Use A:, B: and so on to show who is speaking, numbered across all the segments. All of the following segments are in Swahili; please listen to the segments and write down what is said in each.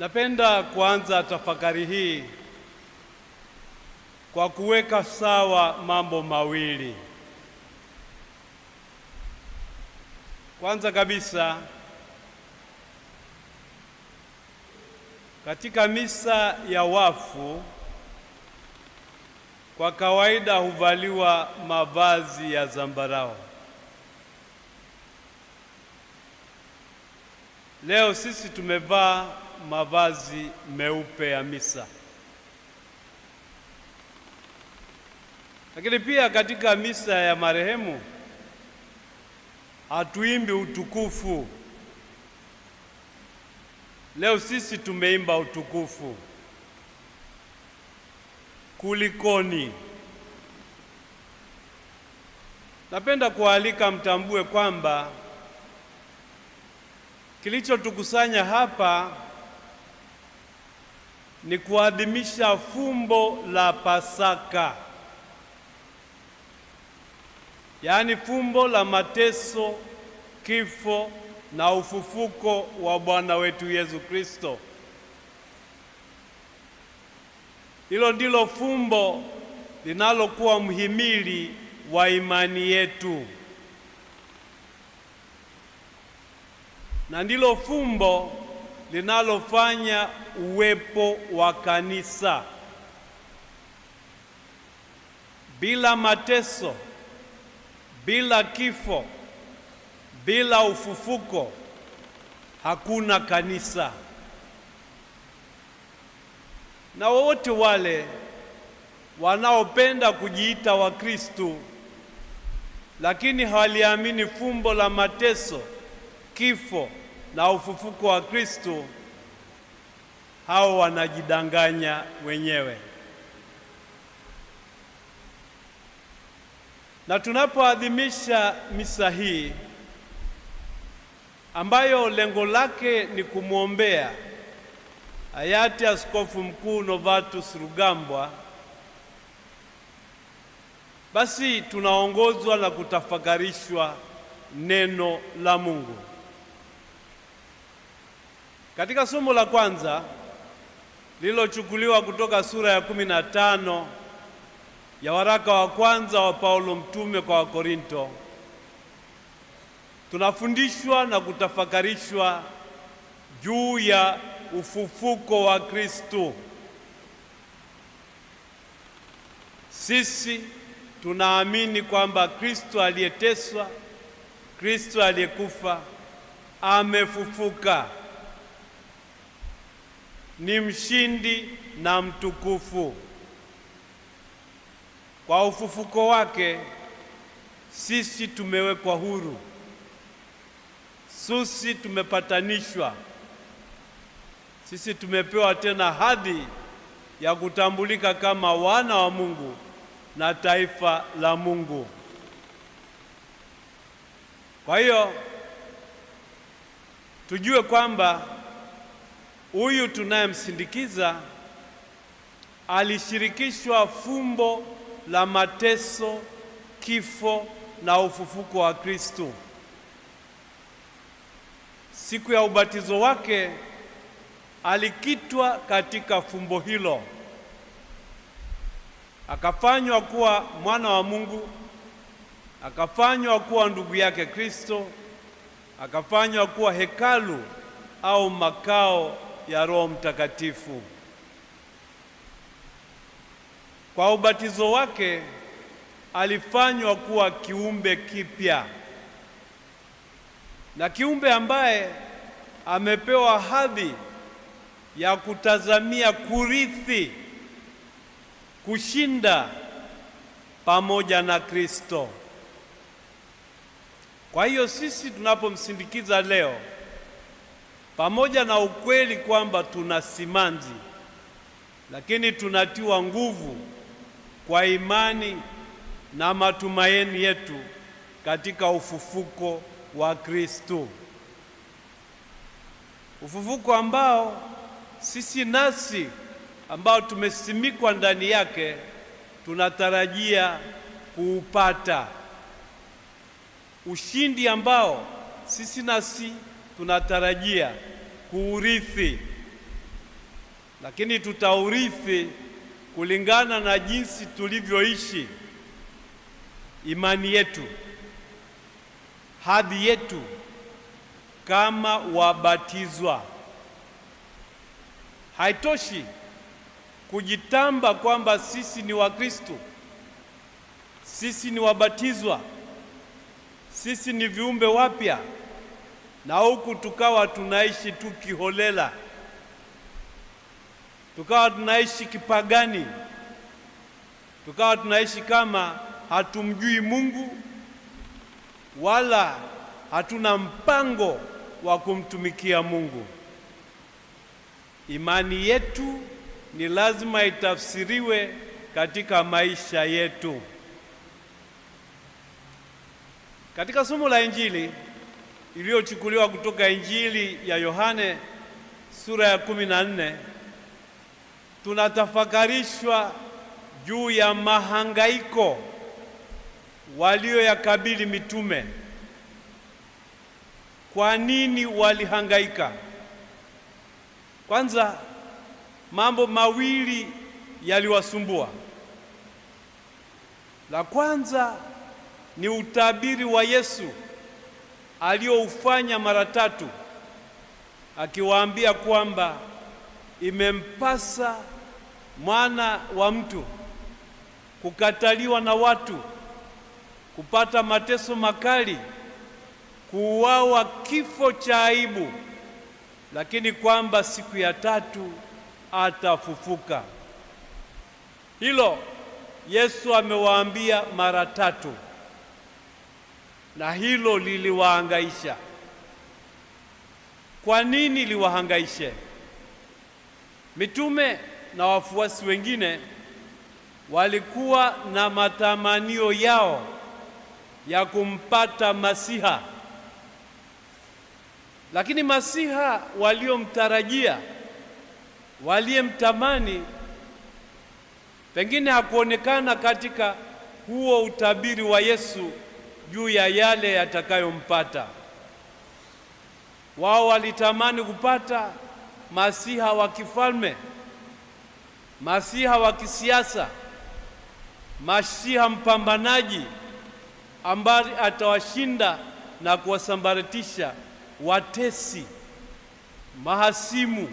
A: Napenda kuanza tafakari hii kwa kuweka sawa mambo mawili. Kwanza kabisa, katika misa ya wafu kwa kawaida huvaliwa mavazi ya zambarau. Leo sisi tumevaa mavazi meupe ya misa. Lakini pia katika misa ya marehemu hatuimbi utukufu. Leo sisi tumeimba utukufu. Kulikoni? Napenda kualika mtambue kwamba kilichotukusanya hapa ni kuadhimisha fumbo la Pasaka, yaani fumbo la mateso, kifo na ufufuko wa Bwana wetu Yesu Kristo. Hilo ndilo fumbo linalokuwa mhimili wa imani yetu na ndilo fumbo linalofanya uwepo wa kanisa. Bila mateso, bila kifo, bila ufufuko hakuna kanisa. Na wote wale wanaopenda kujiita Wakristo lakini hawaliamini fumbo la mateso, kifo na ufufuko wa Kristo, hao wanajidanganya wenyewe. Na tunapoadhimisha misa hii ambayo lengo lake ni kumwombea hayati Askofu Mkuu Novatus Rugambwa, basi tunaongozwa na kutafakarishwa neno la Mungu. Katika somo la kwanza lililochukuliwa kutoka sura ya kumi na tano ya waraka wa kwanza wa Paulo mtume kwa Wakorinto, tunafundishwa na kutafakarishwa juu ya ufufuko wa Kristo. Sisi tunaamini kwamba Kristo aliyeteswa, Kristo aliyekufa amefufuka ni mshindi na mtukufu. Kwa ufufuko wake sisi tumewekwa huru, sisi tumepatanishwa, sisi tumepewa tena hadhi ya kutambulika kama wana wa Mungu na taifa la Mungu. Kwa hiyo tujue kwamba Huyu tunayemsindikiza alishirikishwa fumbo la mateso, kifo na ufufuko wa Kristo. Siku ya ubatizo wake alikitwa katika fumbo hilo, akafanywa kuwa mwana wa Mungu, akafanywa kuwa ndugu yake Kristo, akafanywa kuwa hekalu au makao ya Roho Mtakatifu. Kwa ubatizo wake alifanywa kuwa kiumbe kipya na kiumbe ambaye amepewa hadhi ya kutazamia kurithi, kushinda pamoja na Kristo. Kwa hiyo sisi tunapomsindikiza leo pamoja na ukweli kwamba tuna simanzi, lakini tunatiwa nguvu kwa imani na matumaini yetu katika ufufuko wa Kristo, ufufuko ambao sisi nasi ambao tumesimikwa ndani yake tunatarajia kuupata ushindi ambao sisi nasi tunatarajia kuurithi, lakini tutaurithi kulingana na jinsi tulivyoishi imani yetu, hadhi yetu kama wabatizwa. Haitoshi kujitamba kwamba sisi ni Wakristo, sisi ni wabatizwa, sisi ni viumbe wapya na huku tukawa tunaishi tu kiholela, tukawa tunaishi kipagani, tukawa tunaishi kama hatumjui Mungu wala hatuna mpango wa kumtumikia Mungu. Imani yetu ni lazima itafsiriwe katika maisha yetu. Katika somo la Injili iliyochukuliwa kutoka Injili ya Yohane sura ya kumi na nne tunatafakarishwa juu ya mahangaiko walioyakabili mitume. Kwa nini walihangaika? Kwanza, mambo mawili yaliwasumbua. La kwanza ni utabiri wa Yesu aliyoufanya mara tatu, akiwaambia kwamba imempasa mwana wa mtu kukataliwa na watu, kupata mateso makali, kuuawa kifo cha aibu, lakini kwamba siku ya tatu atafufuka. Hilo Yesu amewaambia mara tatu na hilo liliwahangaisha. Kwa nini liwahangaishe? Mitume na wafuasi wengine walikuwa na matamanio yao ya kumpata Masiha, lakini Masiha waliomtarajia, waliyemtamani, pengine hakuonekana katika huo utabiri wa Yesu juu ya yale yatakayompata. Wao walitamani kupata masiha wa kifalme, masiha wa kisiasa, masiha mpambanaji ambaye atawashinda na kuwasambaratisha watesi, mahasimu,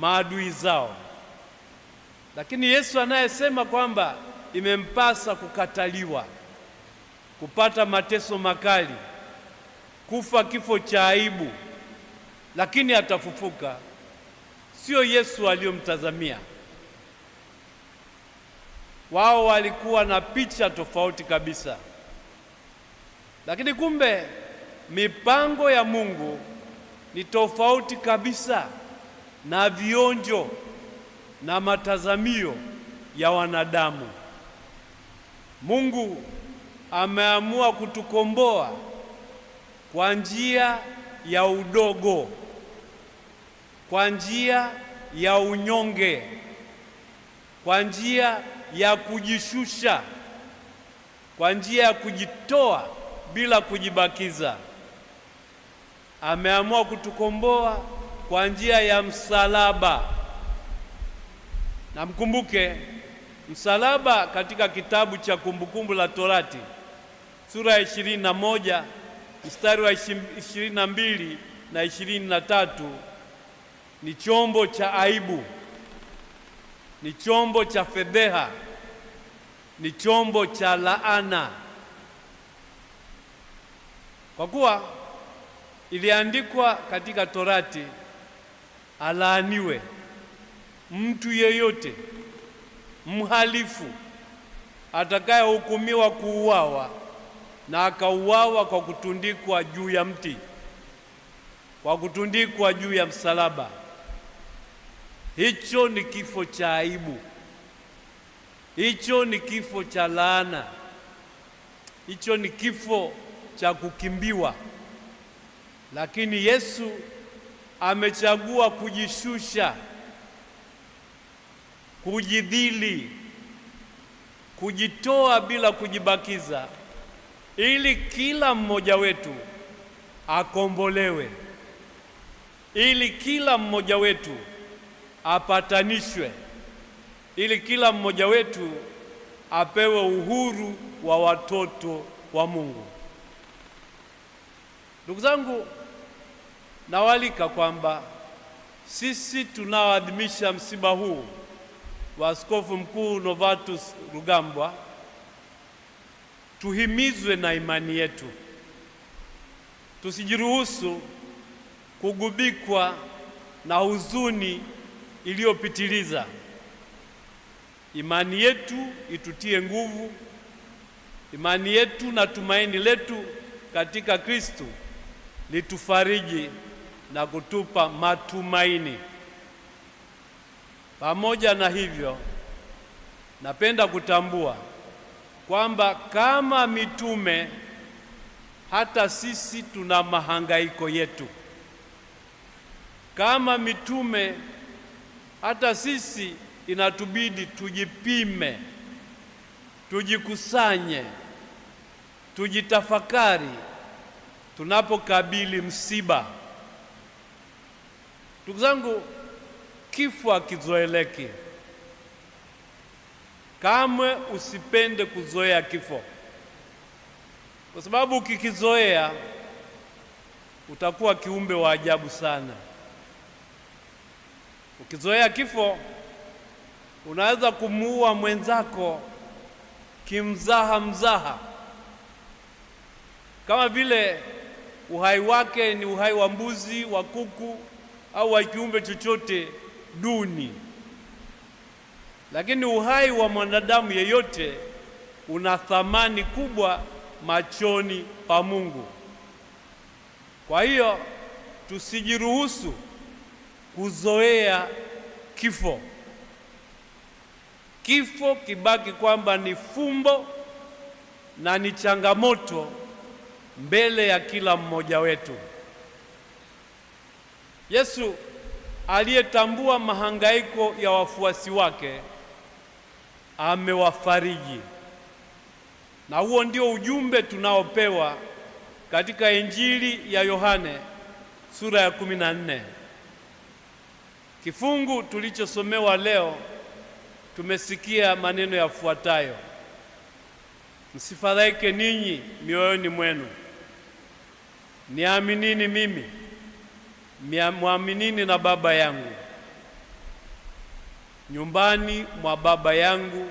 A: maadui zao. Lakini Yesu anayesema kwamba imempasa kukataliwa kupata mateso makali, kufa kifo cha aibu, lakini atafufuka. Sio Yesu aliyomtazamia. Wao walikuwa na picha tofauti kabisa, lakini kumbe mipango ya Mungu ni tofauti kabisa na vionjo na matazamio ya wanadamu. Mungu ameamua kutukomboa kwa njia ya udogo, kwa njia ya unyonge, kwa njia ya kujishusha, kwa njia ya kujitoa bila kujibakiza. Ameamua kutukomboa kwa njia ya msalaba. Na mkumbuke msalaba katika kitabu cha Kumbukumbu la Torati sura ya ishirini na moja mstari wa ishirini na mbili na ishirini na tatu ni chombo cha aibu, ni chombo cha fedheha, ni chombo cha laana, kwa kuwa iliandikwa katika Torati, alaaniwe mtu yeyote mhalifu atakayehukumiwa kuuawa na akauawa kwa kutundikwa juu ya mti, kwa kutundikwa juu ya msalaba. Hicho ni kifo cha aibu, hicho ni kifo cha laana, hicho ni kifo cha kukimbiwa. Lakini Yesu amechagua kujishusha, kujidhili, kujitoa bila kujibakiza ili kila mmoja wetu akombolewe, ili kila mmoja wetu apatanishwe, ili kila mmoja wetu apewe uhuru wa watoto wa Mungu. Ndugu zangu, nawalika kwamba sisi tunaoadhimisha msiba huu wa Askofu Mkuu Novatus Rugambwa Tuhimizwe na imani yetu, tusijiruhusu kugubikwa na huzuni iliyopitiliza. Imani yetu itutie nguvu, imani yetu na tumaini letu katika Kristo litufariji na kutupa matumaini. Pamoja na hivyo, napenda kutambua kwamba kama mitume hata sisi tuna mahangaiko yetu. Kama mitume hata sisi inatubidi tujipime, tujikusanye, tujitafakari tunapokabili msiba. Ndugu zangu, kifo hakizoeleki. Kamwe usipende kuzoea kifo, kwa sababu ukikizoea utakuwa kiumbe wa ajabu sana. Ukizoea kifo, unaweza kumuua mwenzako kimzaha mzaha, kama vile uhai wake ni uhai wa mbuzi, wa kuku au wa kiumbe chochote duni. Lakini uhai wa mwanadamu yeyote una thamani kubwa machoni pa Mungu. Kwa hiyo tusijiruhusu kuzoea kifo. Kifo kibaki kwamba ni fumbo na ni changamoto mbele ya kila mmoja wetu. Yesu aliyetambua mahangaiko ya wafuasi wake amewafariji, na huo ndio ujumbe tunaopewa katika Injili ya Yohane sura ya kumi na nne. Kifungu tulichosomewa leo, tumesikia maneno yafuatayo: msifadhaike ninyi mioyoni mwenu, niaminini mimi, mwaminini na Baba yangu nyumbani mwa Baba yangu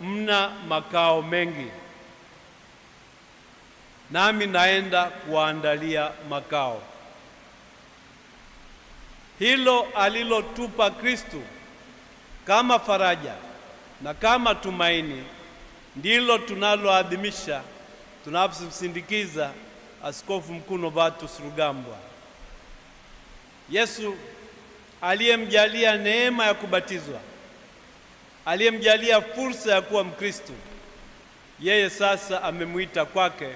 A: mna makao mengi, nami naenda kuandalia makao. Hilo alilotupa Kristo kama faraja na kama tumaini ndilo tunaloadhimisha tunapomsindikiza Askofu Mkuu Novatus Rugambwa. Yesu aliyemjalia neema ya kubatizwa aliyemjalia fursa ya kuwa Mkristo, yeye sasa amemwita kwake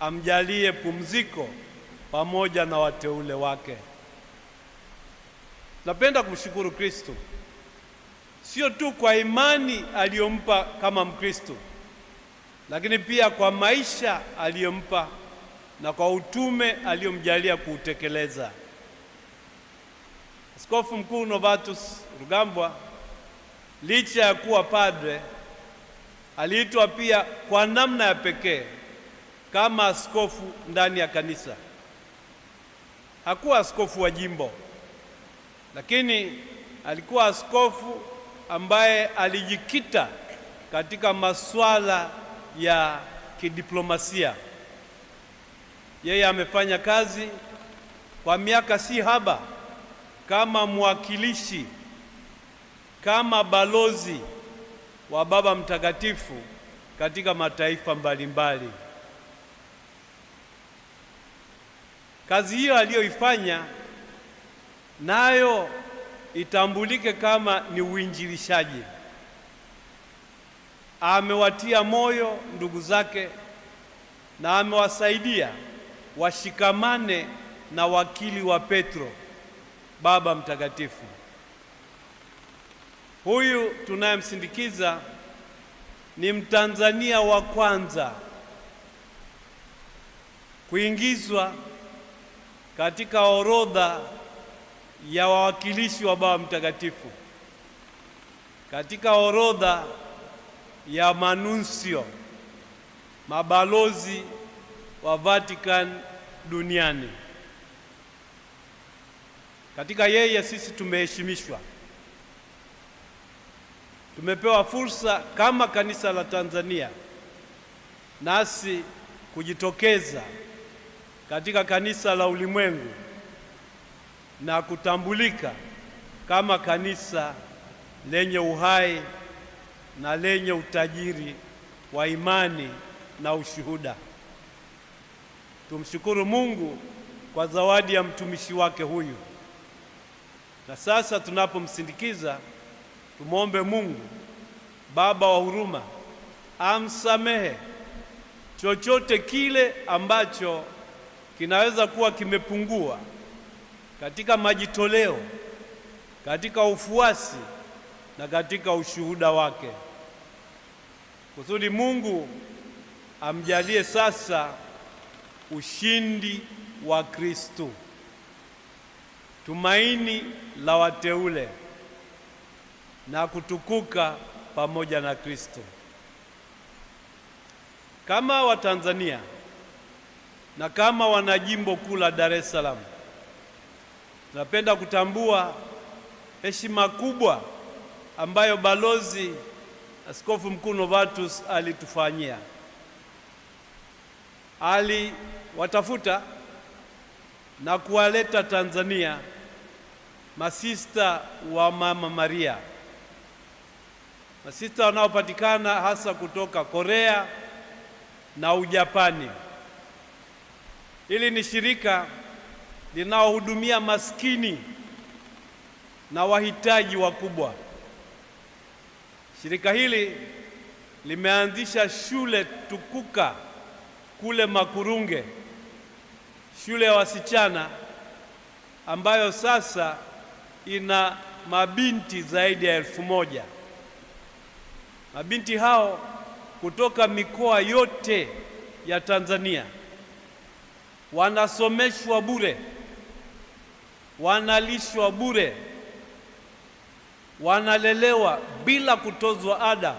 A: amjalie pumziko pamoja na wateule wake. Napenda kumshukuru Kristo sio tu kwa imani aliyompa kama Mkristo, lakini pia kwa maisha aliyompa na kwa utume aliyomjalia kuutekeleza. Askofu Mkuu Novatus Rugambwa licha ya kuwa padre, aliitwa pia kwa namna ya pekee kama askofu ndani ya kanisa. Hakuwa askofu wa jimbo, lakini alikuwa askofu ambaye alijikita katika masuala ya kidiplomasia. Yeye amefanya kazi kwa miaka si haba kama mwakilishi kama balozi wa Baba Mtakatifu katika mataifa mbalimbali. Kazi hiyo aliyoifanya nayo itambulike kama ni uinjilishaji. Amewatia moyo ndugu zake na amewasaidia washikamane na wakili wa Petro, Baba Mtakatifu. Huyu tunayemsindikiza ni Mtanzania wa kwanza kuingizwa katika orodha ya wawakilishi wa Baba Mtakatifu, katika orodha ya manunsio, mabalozi wa Vatican duniani. Katika yeye sisi tumeheshimishwa tumepewa fursa kama kanisa la Tanzania nasi kujitokeza katika kanisa la ulimwengu na kutambulika kama kanisa lenye uhai na lenye utajiri wa imani na ushuhuda. Tumshukuru Mungu kwa zawadi ya mtumishi wake huyu, na sasa tunapomsindikiza Tumwombe Mungu Baba wa huruma amsamehe chochote kile ambacho kinaweza kuwa kimepungua katika majitoleo, katika ufuasi na katika ushuhuda wake, kusudi Mungu amjalie sasa ushindi wa Kristo, tumaini la wateule na kutukuka pamoja na Kristo. Kama Watanzania na kama wanajimbo kuu la Dar es Salaam, tunapenda kutambua heshima kubwa ambayo Balozi Askofu Mkuu Novatus alitufanyia. Aliwatafuta na kuwaleta Tanzania masista wa Mama Maria masista wanaopatikana hasa kutoka Korea na Ujapani. Hili ni shirika linaohudumia maskini na wahitaji wakubwa. Shirika hili limeanzisha shule tukuka kule Makurunge, shule ya wasichana ambayo sasa ina mabinti zaidi ya elfu moja. Mabinti hao kutoka mikoa yote ya Tanzania wanasomeshwa bure, wanalishwa bure, wanalelewa bila kutozwa ada,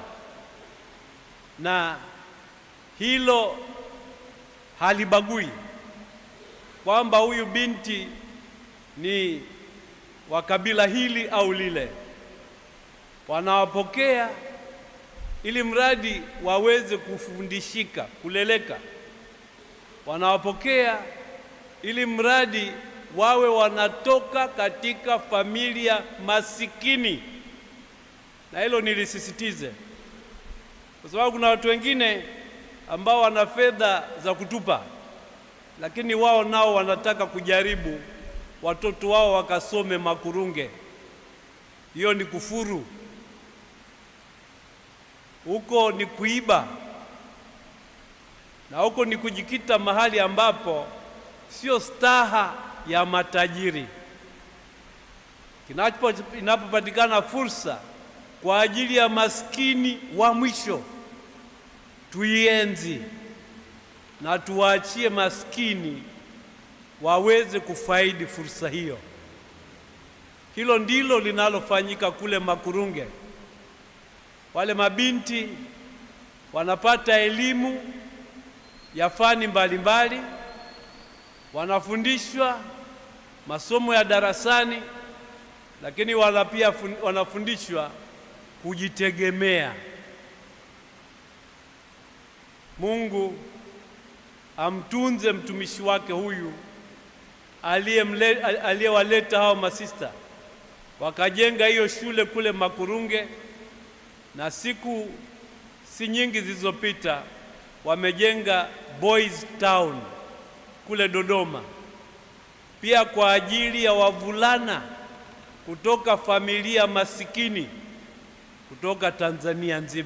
A: na hilo halibagui kwamba huyu binti ni wa kabila hili au lile, wanawapokea ili mradi waweze kufundishika, kuleleka, wanawapokea ili mradi wawe wanatoka katika familia masikini. Na hilo nilisisitize, kwa sababu kuna watu wengine ambao wana fedha za kutupa, lakini wao nao wanataka kujaribu watoto wao wakasome Makurunge. Hiyo ni kufuru huko ni kuiba na huko ni kujikita mahali ambapo sio staha ya matajiri. Inapopatikana fursa kwa ajili ya maskini wa mwisho, tuienzi na tuwaachie maskini waweze kufaidi fursa hiyo. Hilo ndilo linalofanyika kule Makurunge wale mabinti wanapata elimu ya fani mbalimbali, wanafundishwa masomo ya darasani, lakini wala pia wanafundishwa kujitegemea. Mungu amtunze mtumishi wake huyu aliyewaleta hao masista wakajenga hiyo shule kule Makurunge na siku si nyingi zilizopita wamejenga Boys Town kule Dodoma pia kwa ajili ya wavulana kutoka familia masikini kutoka Tanzania nzima.